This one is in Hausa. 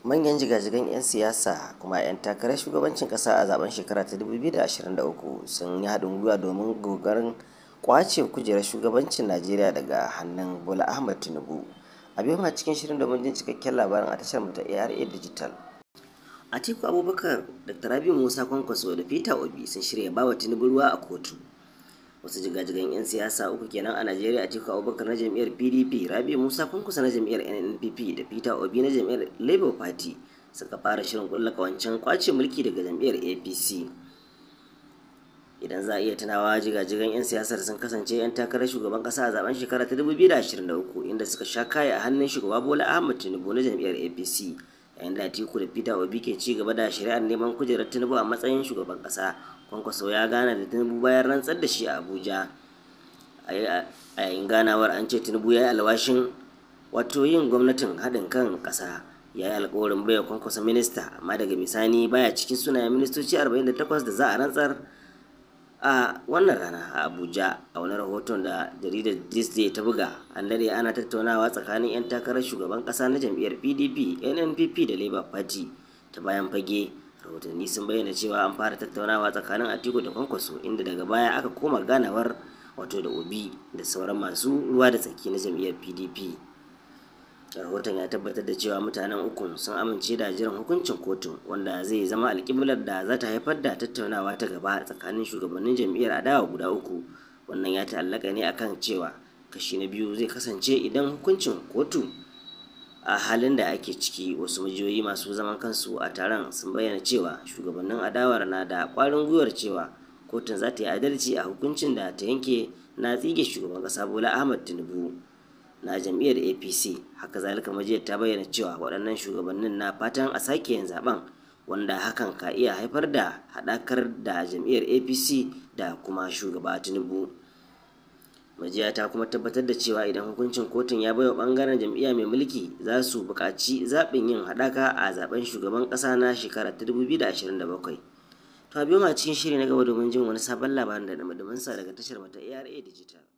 manyan jigajigan 'yan siyasa kuma 'yan takarar shugabancin kasa a zaben shekara ta 2023 sun yi haɗin gwiwa domin gogarin kwace kujerar shugabancin najeriya daga hannun bola ahmad tinubu a biyu cikin shirin domin jin cikakken labarin a tashar mu ta ara digital atiku abubakar da rabi musa kwankwaso da peter obi sun shirya bawa tinubu ruwa a kotu wasu jigajigan 'yan siyasa uku kenan a najeriya atiku abubakar na jam'iyyar pdp rabi musa kunkusa na jam'iyyar nnpp da peter obi na jam'iyyar labour party suka fara shirin kullaka wancan kwace mulki daga jam'iyyar apc idan za a iya tunawa jigajigan 'yan siyasar sun kasance 'yan takarar shugaban kasa a zaben shekara ta 2023 inda suka sha kaya a hannun shugaba bola ahmad tinubu na jam'iyyar apc yayin da tiku da Peter Obi ke ci gaba da shari'ar neman kujerar Tinubu a matsayin shugaban kasa Kwankwaso ya gana da Tinubu bayan rantsar da shi a Abuja a yayin ganawar an ce Tinubu ya yi alwashin wato yin gwamnatin haɗin kan kasa ya yi alkawarin baiwa kwankwaso minista amma daga misani baya cikin sunayen ministoci 48 da za a rantsar a wannan rana a abuja a wani rahoton da jaridar disney ta buga an dare ana tattaunawa tsakanin 'yan takarar shugaban kasa na jam'iyyar pdp nnpp da labour party ta bayan fage rahotanni sun bayyana cewa an fara tattaunawa tsakanin atiku da kwankwaso inda daga baya aka koma ganawar wato da obi da sauran masu ruwa da tsaki na jam'iyyar pdp rahoton ya tabbatar da cewa mutanen ukun sun amince da jiran hukuncin kotun wanda zai zama alƙiblar da za ta haifar da tattaunawa ta gaba tsakanin shugabannin jam'iyyar adawa guda uku wannan ya ta'allaka ne akan cewa kashi na biyu zai kasance idan hukuncin kotu a halin da ake ciki wasu majiyoyi masu zaman kansu a taron sun bayyana cewa shugabannin adawar na da ƙwarin gwiwar cewa kotun za ta yi adalci a hukuncin da ta yanke na tsige shugaban ƙasa bola ahmad tinubu na jam'iyyar apc haka zalika majiyar ta bayyana cewa waɗannan shugabannin na fatan a sake yin zaben wanda hakan ka iya haifar da haɗakar da jam'iyyar apc da kuma shugaba tinubu majiya ta kuma tabbatar da cewa idan hukuncin kotun ya baiwa bangaren jam'iyya mai mulki za su buƙaci zaɓin yin haɗaka a zaben shugaban ƙasa na shekara ta 2027 to a biyu ma cikin shiri na gaba domin jin wani sabon labarin da dama daga tashar mata ara digital